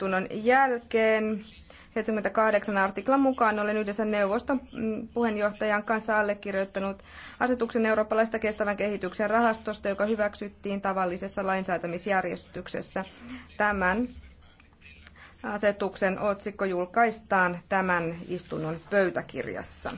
istunnon jälkeen. 78 artiklan mukaan olen yhdessä neuvoston mm, puheenjohtajan kanssa allekirjoittanut asetuksen eurooppalaista kestävän kehityksen rahastosta, joka hyväksyttiin tavallisessa lainsäätämisjärjestyksessä. Tämän asetuksen otsikko julkaistaan tämän istunnon pöytäkirjassa.